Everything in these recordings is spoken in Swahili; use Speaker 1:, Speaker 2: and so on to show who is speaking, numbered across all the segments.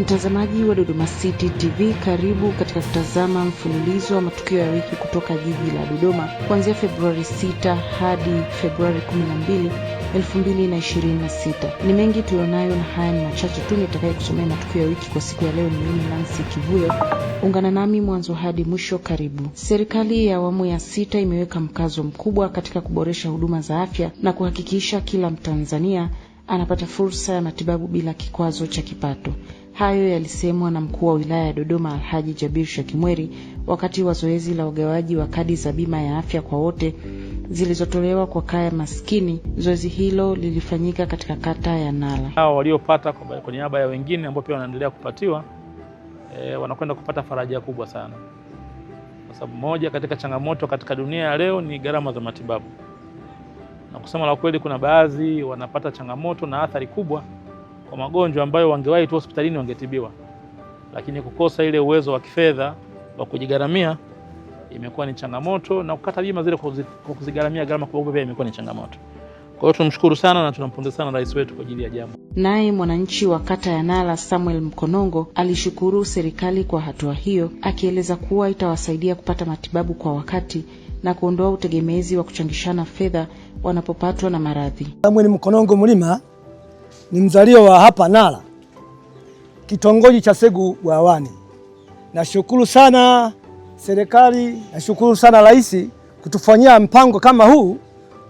Speaker 1: Mtazamaji wa Dodoma City TV, karibu katika kutazama mfululizo wa matukio ya wiki kutoka jiji la Dodoma kuanzia Februari 6 hadi Februari 12, 2026. Ni mengi tulionayo na haya ni machache tu nitakaye kusomea matukio ya wiki kwa siku ya leo. Ni mimi Nancy Kivuyo, ungana nami mwanzo hadi mwisho. Karibu. Serikali ya awamu ya sita imeweka mkazo mkubwa katika kuboresha huduma za afya na kuhakikisha kila Mtanzania anapata fursa ya matibabu bila kikwazo cha kipato. Hayo yalisemwa na mkuu wa wilaya ya Dodoma Alhaji Jabir Shakimweri wakati wa zoezi la ugawaji wa kadi za bima ya afya kwa wote zilizotolewa kwa kaya maskini. Zoezi hilo lilifanyika katika kata ya Nala.
Speaker 2: hawa waliopata kwa niaba ya wengine ambao pia wanaendelea kupatiwa e, wanakwenda kupata faraja kubwa sana, kwa sababu moja katika changamoto katika dunia ya leo ni gharama za matibabu, na kusema la kweli, kuna baadhi wanapata changamoto na athari kubwa kwa magonjwa ambayo wangewahi tu hospitalini wangetibiwa, lakini kukosa ile uwezo wa kifedha wa kujigaramia imekuwa ni changamoto, na kukata bima zile kwa kuzigaramia gharama kubwa pia imekuwa ni changamoto. Kwa hiyo tunamshukuru sana na tunampongeza sana rais wetu kwa ajili ya jambo.
Speaker 1: Naye mwananchi wa kata ya Nala Samuel Mkonongo alishukuru serikali kwa hatua hiyo, akieleza kuwa itawasaidia kupata matibabu kwa wakati na kuondoa utegemezi wa kuchangishana fedha wanapopatwa na maradhi.
Speaker 3: Samuel Mkonongo Mlima ni mzalio wa hapa Nala, kitongoji cha Segu Bwawani. Nashukuru sana serikali, nashukuru sana rais kutufanyia mpango kama huu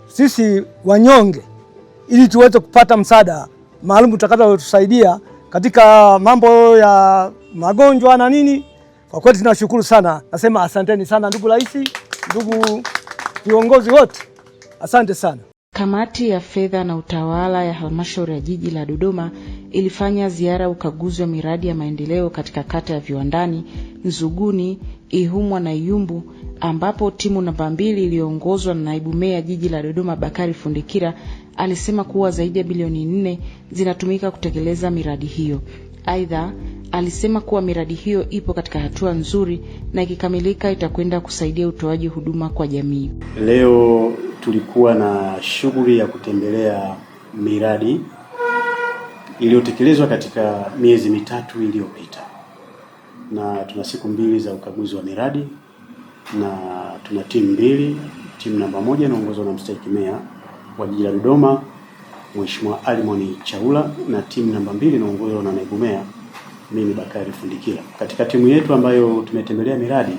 Speaker 3: sisi wanyonge, ili tuweze kupata msaada maalum utakaotusaidia katika mambo ya magonjwa na nini. Kwa kweli tunashukuru sana, nasema asanteni sana ndugu rais, ndugu viongozi wote, asante sana.
Speaker 1: Kamati ya Fedha na Utawala ya Halmashauri ya Jiji la Dodoma ilifanya ziara ya ukaguzi wa miradi ya maendeleo katika kata ya Viwandani, Nzuguni, Ihumwa na Iyumbu ambapo timu namba mbili iliyoongozwa na naibu meya jiji la Dodoma Bakari Fundikira alisema kuwa zaidi ya bilioni nne zinatumika kutekeleza miradi hiyo. Aidha, alisema kuwa miradi hiyo ipo katika hatua nzuri na ikikamilika itakwenda kusaidia utoaji huduma kwa jamii.
Speaker 4: Leo tulikuwa na shughuli ya kutembelea miradi iliyotekelezwa katika miezi mitatu iliyopita, na tuna siku mbili za ukaguzi wa miradi na tuna timu mbili. Timu namba moja inaongozwa na mstahiki meya wa jiji la Dodoma Mheshimiwa Almoni Chaula na timu namba mbili inaongozwa na naibu meya mimi Bakari Fundikira. Katika timu yetu ambayo tumetembelea miradi,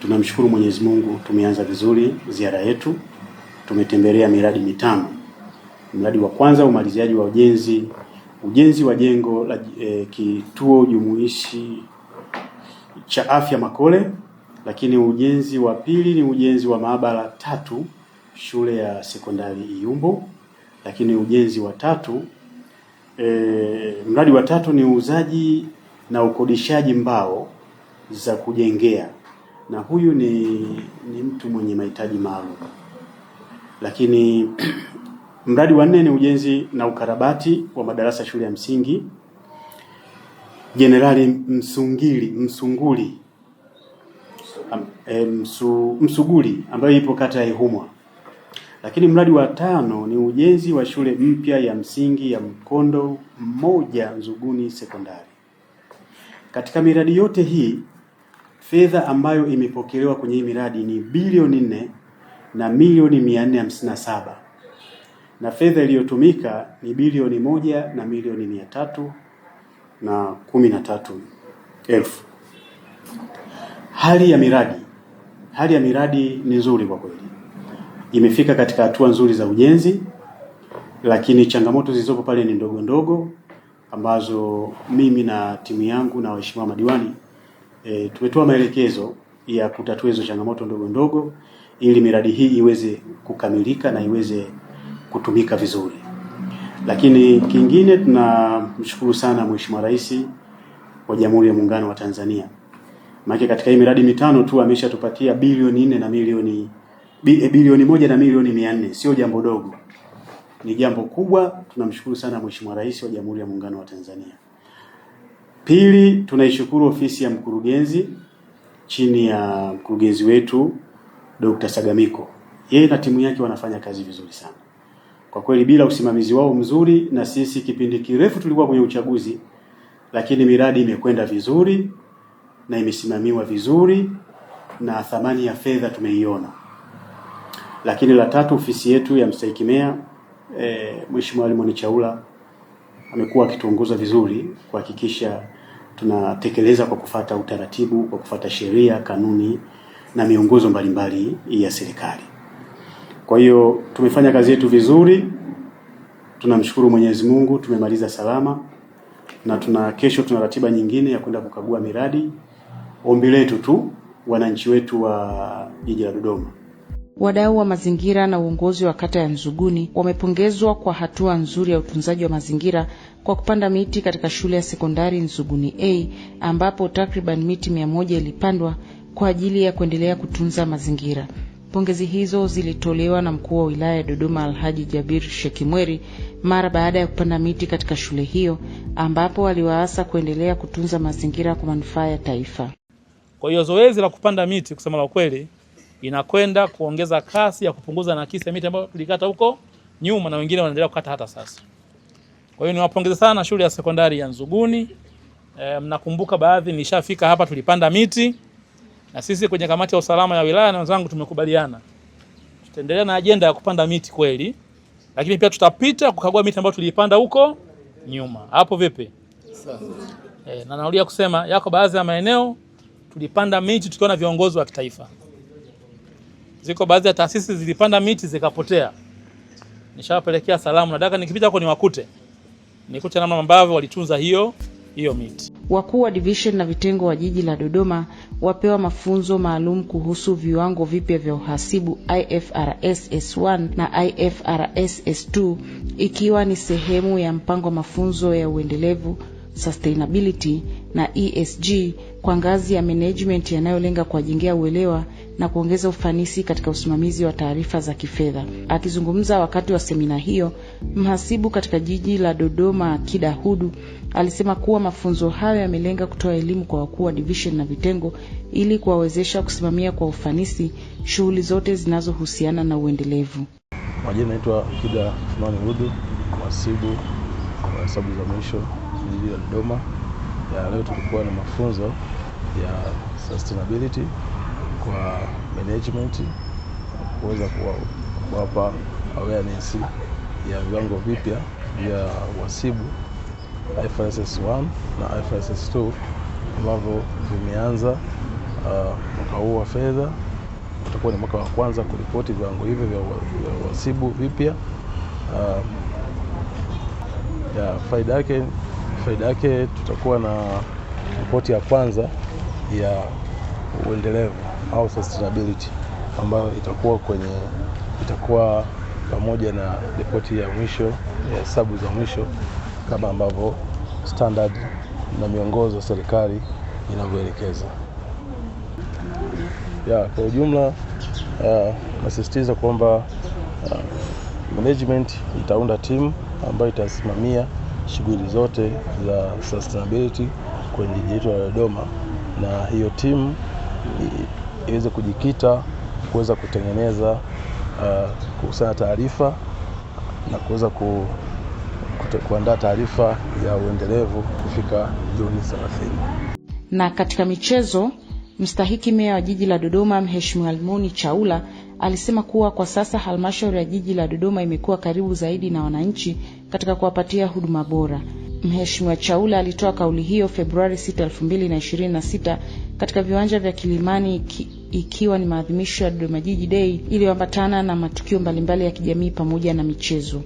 Speaker 4: tunamshukuru Mwenyezi Mungu, tumeanza vizuri ziara yetu tumetembelea miradi mitano. Mradi wa kwanza, umaliziaji wa ujenzi ujenzi wa jengo la e, kituo jumuishi cha afya Makole, lakini ujenzi wa pili ni ujenzi wa maabara tatu shule ya sekondari Iyumbu, lakini ujenzi wa tatu e, mradi wa tatu ni uuzaji na ukodishaji mbao za kujengea, na huyu ni, ni mtu mwenye mahitaji maalum. Lakini mradi wa nne ni ujenzi na ukarabati wa madarasa shule ya msingi Jenerali Msungili Msunguli am, e, msu, Msuguli ambayo ipo kata ya Ihumwa. Lakini mradi wa tano ni ujenzi wa shule mpya ya msingi ya Mkondo mmoja Nzuguni Sekondari. Katika miradi yote hii fedha ambayo imepokelewa kwenye hii miradi ni bilioni nne na milioni 457 na fedha iliyotumika ni bilioni moja na milioni mia tatu na kumi na tatu elfu. Hali ya miradi, hali ya miradi ni nzuri kwa kweli, imefika katika hatua nzuri za ujenzi, lakini changamoto zilizopo pale ni ndogo ndogo ambazo mimi na timu yangu na waheshimiwa madiwani e, tumetoa maelekezo ya kutatua hizo changamoto ndogo ndogo ili miradi hii iweze kukamilika na iweze kutumika vizuri. Lakini kingine, tunamshukuru sana Mheshimiwa Rais wa Jamhuri ya Muungano wa Tanzania, maana katika hii miradi mitano tu ameshatupatia bilioni nne na milioni eh, bilioni moja na milioni mia nne. Sio jambo dogo, ni jambo kubwa. Tunamshukuru sana Mheshimiwa Rais wa Jamhuri ya Muungano wa Tanzania. Pili, tunaishukuru ofisi ya mkurugenzi chini ya mkurugenzi wetu Dr. Sagamiko, yeye na timu yake wanafanya kazi vizuri sana kwa kweli. Bila usimamizi wao mzuri, na sisi kipindi kirefu tulikuwa kwenye uchaguzi, lakini miradi imekwenda vizuri na imesimamiwa vizuri na thamani ya fedha tumeiona. Lakini la tatu, ofisi yetu ya mstahiki meya e, Mheshimiwa Limoni Chaula amekuwa akituongoza vizuri kuhakikisha tunatekeleza kwa kufata utaratibu, kwa kufata sheria, kanuni na miongozo mbalimbali ya serikali. Kwa hiyo tumefanya kazi yetu vizuri, tunamshukuru Mwenyezi Mungu, tumemaliza salama na tuna kesho, tuna ratiba nyingine ya kwenda kukagua miradi. Ombi letu tu wananchi wetu wa jiji la Dodoma
Speaker 1: Wadau wa mazingira na uongozi wa kata ya Nzuguni wamepongezwa kwa hatua nzuri ya utunzaji wa mazingira kwa kupanda miti katika shule ya sekondari Nzuguni A ambapo takriban miti mia moja ilipandwa kwa ajili ya kuendelea kutunza mazingira. Pongezi hizo zilitolewa na mkuu wa wilaya ya Dodoma Alhaji Jabir Shekimweri mara baada ya kupanda miti katika shule hiyo, ambapo aliwaasa kuendelea kutunza mazingira kwa manufaa ya taifa.
Speaker 2: Kwa hiyo zoezi la kupanda miti kusema la ukweli, inakwenda kuongeza kasi ya kupunguza nakisi ya miti ambayo tulikata huko nyuma na wengine wanaendelea kukata hata sasa. Kwa hiyo niwapongeze sana shule ya sekondari ya Nzuguni. E, mnakumbuka baadhi nishafika hapa tulipanda miti na sisi kwenye kamati ya usalama ya wilaya na wenzangu tumekubaliana tutaendelea na ajenda ya kupanda miti kweli, lakini pia tutapita kukagua miti ambayo tuliipanda huko nyuma. Hapo vipi? E, na narudia kusema yako baadhi ya maeneo tulipanda miti tukiwa na viongozi wa kitaifa. Ziko baadhi ya taasisi zilipanda miti zikapotea. Nishawapelekea salamu, nataka nikipita huko niwakute, nikute namna ambavyo walitunza hiyo hiyo miti.
Speaker 1: Wakuu wa divishen na vitengo wa jiji la Dodoma wapewa mafunzo maalum kuhusu viwango vipya vya uhasibu IFRS S1 na IFRS S2 ikiwa ni sehemu ya mpango wa mafunzo ya uendelevu sustainability na ESG kwa ngazi ya management yanayolenga kuwajengea uelewa na kuongeza ufanisi katika usimamizi wa taarifa za kifedha. Akizungumza wakati wa semina hiyo, mhasibu katika jiji la Dodoma kida Hudu alisema kuwa mafunzo hayo yamelenga kutoa elimu kwa wakuu wa division na vitengo ili kuwawezesha kusimamia kwa ufanisi shughuli zote zinazohusiana na uendelevu.
Speaker 5: Majina naitwa kida Uthmani Hudu, mhasibu wa hesabu za mwisho jiji la Dodoma. Leo tulikuwa na mafunzo ya sustainability kwa management kuweza kuwapa awareness ya viwango vipya vya uhasibu IFRS 1 na IFRS 2 ambavyo vimeanza uh, mwaka huu wa fedha. Utakuwa ni mwaka wa kwanza kuripoti viwango hivyo vya uhasibu vipya. Uh, ya faida yake faida yake tutakuwa na ripoti ya kwanza ya uendelevu au sustainability ambayo itakuwa kwenye itakuwa pamoja na ripoti ya mwisho ya hesabu za mwisho kama ambavyo standard na miongozo ya serikali inavyoelekeza. Ya, kwa ujumla uh, nasisitiza kwamba uh, management itaunda timu ambayo itasimamia shughuli zote za sustainability kwenye jiji letu la Dodoma na hiyo timu iweze kujikita kuweza kutengeneza uh, kukusanya taarifa na kuweza ku, kuandaa taarifa ya uendelevu kufika Juni 30.
Speaker 1: Na katika michezo, mstahiki meya wa jiji la Dodoma Mheshimiwa Almoni Chaula alisema kuwa kwa sasa halmashauri ya jiji la Dodoma imekuwa karibu zaidi na wananchi katika kuwapatia huduma bora. Mheshimiwa Chaula alitoa kauli hiyo Februari 6, 2026 katika viwanja vya Kilimani iki, ikiwa ni maadhimisho ya Dodoma Jiji Day iliyoambatana na matukio mbalimbali ya kijamii pamoja na michezo.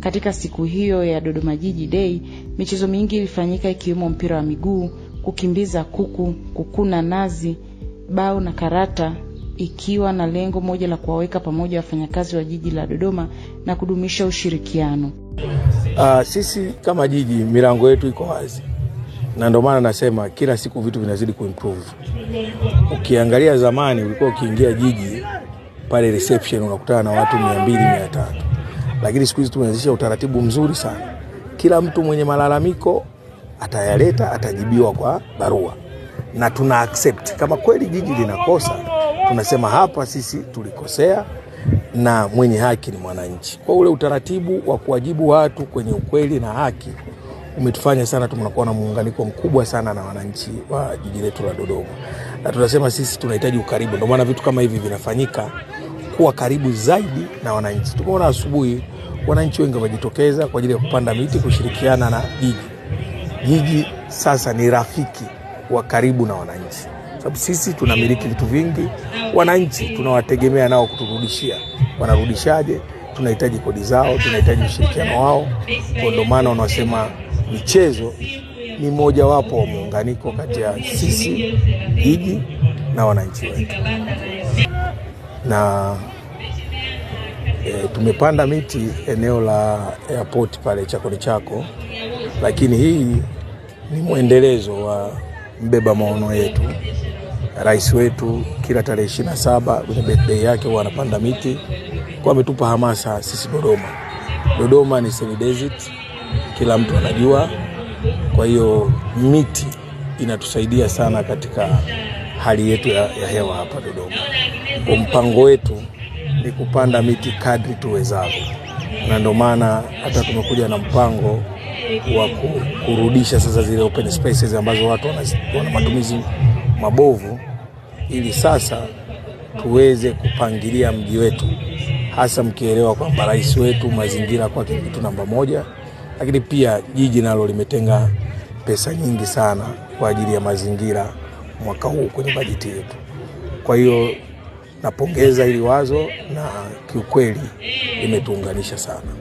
Speaker 1: Katika siku hiyo ya Dodoma Jiji Day, michezo mingi ilifanyika ikiwemo mpira wa miguu, kukimbiza kuku, kukuna nazi, bao na karata ikiwa na lengo moja la kuwaweka pamoja wafanyakazi wa jiji la Dodoma na kudumisha ushirikiano.
Speaker 6: Uh, sisi kama jiji milango yetu iko wazi, na ndio maana nasema kila siku vitu vinazidi kuimprove. Ukiangalia zamani, ulikuwa ukiingia jiji pale reception unakutana na watu 200 300, lakini siku hizi tumeanzisha utaratibu mzuri sana. Kila mtu mwenye malalamiko atayaleta, atajibiwa kwa barua na tuna accept. Kama kweli jiji linakosa, tunasema hapa sisi tulikosea na mwenye haki ni mwananchi. Kwa ule utaratibu wa kuwajibu watu kwenye ukweli na haki umetufanya sana tunakuwa na muunganiko mkubwa sana na wananchi wa jiji letu la Dodoma, na tunasema sisi tunahitaji ukaribu. Ndio maana vitu kama hivi vinafanyika kuwa karibu zaidi na wananchi. Tumeona asubuhi wananchi wengi wamejitokeza kwa ajili ya kupanda miti kushirikiana na jiji. Jiji sasa ni rafiki wa karibu na wananchi sababu sisi tunamiliki vitu vingi. Wananchi tunawategemea nao kuturudishia, wanarudishaje? Tunahitaji kodi zao, tunahitaji ushirikiano wao. Ndio maana wanasema michezo ni mojawapo wa muunganiko kati ya sisi jiji na wananchi wetu, na e, tumepanda miti eneo la airport pale Chakoni Chako, lakini hii ni mwendelezo wa mbeba maono yetu rais wetu. Kila tarehe ishirini na saba kwenye birthday yake huwa anapanda miti, kwa ametupa hamasa sisi Dodoma. Dodoma ni semi desert, kila mtu anajua. Kwa hiyo miti inatusaidia sana katika hali yetu ya, ya hewa hapa Dodoma. Kwa mpango wetu ni kupanda miti kadri tuwezavyo na ndio maana hata tumekuja na mpango wa kurudisha sasa zile open spaces ambazo watu wana matumizi mabovu, ili sasa tuweze kupangilia mji wetu, hasa mkielewa kwamba rais wetu mazingira kwake kitu namba moja, lakini pia jiji nalo limetenga pesa nyingi sana kwa ajili ya mazingira mwaka huu kwenye bajeti yetu. Kwa hiyo napongeza hili wazo na kiukweli imetuunganisha sana.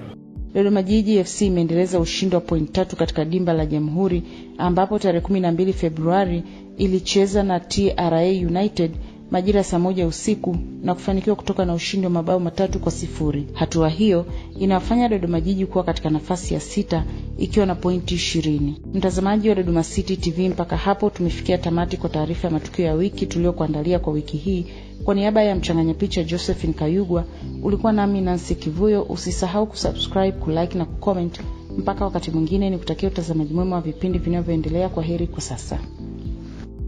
Speaker 1: Dodoma Jiji FC imeendeleza ushindi wa point tatu katika dimba la Jamhuri ambapo tarehe 12 Februari ilicheza na TRA United majira ya saa moja usiku na kufanikiwa kutoka na ushindi wa mabao matatu kwa sifuri. Hatua hiyo inafanya Dodoma Jiji kuwa katika nafasi ya sita ikiwa na pointi ishirini. Mtazamaji wa Dodoma City TV, mpaka hapo tumefikia tamati kwa taarifa ya matukio ya wiki tuliyokuandalia kwa wiki hii. Kwa niaba ya mchanganya picha Josephine Kayugwa, ulikuwa nami Nancy Kivuyo. Usisahau kusubscribe, kulike na kucomment. Mpaka wakati mwingine, nikutakia utazamaji mwema wa vipindi vinavyoendelea. Kwa heri kwa sasa.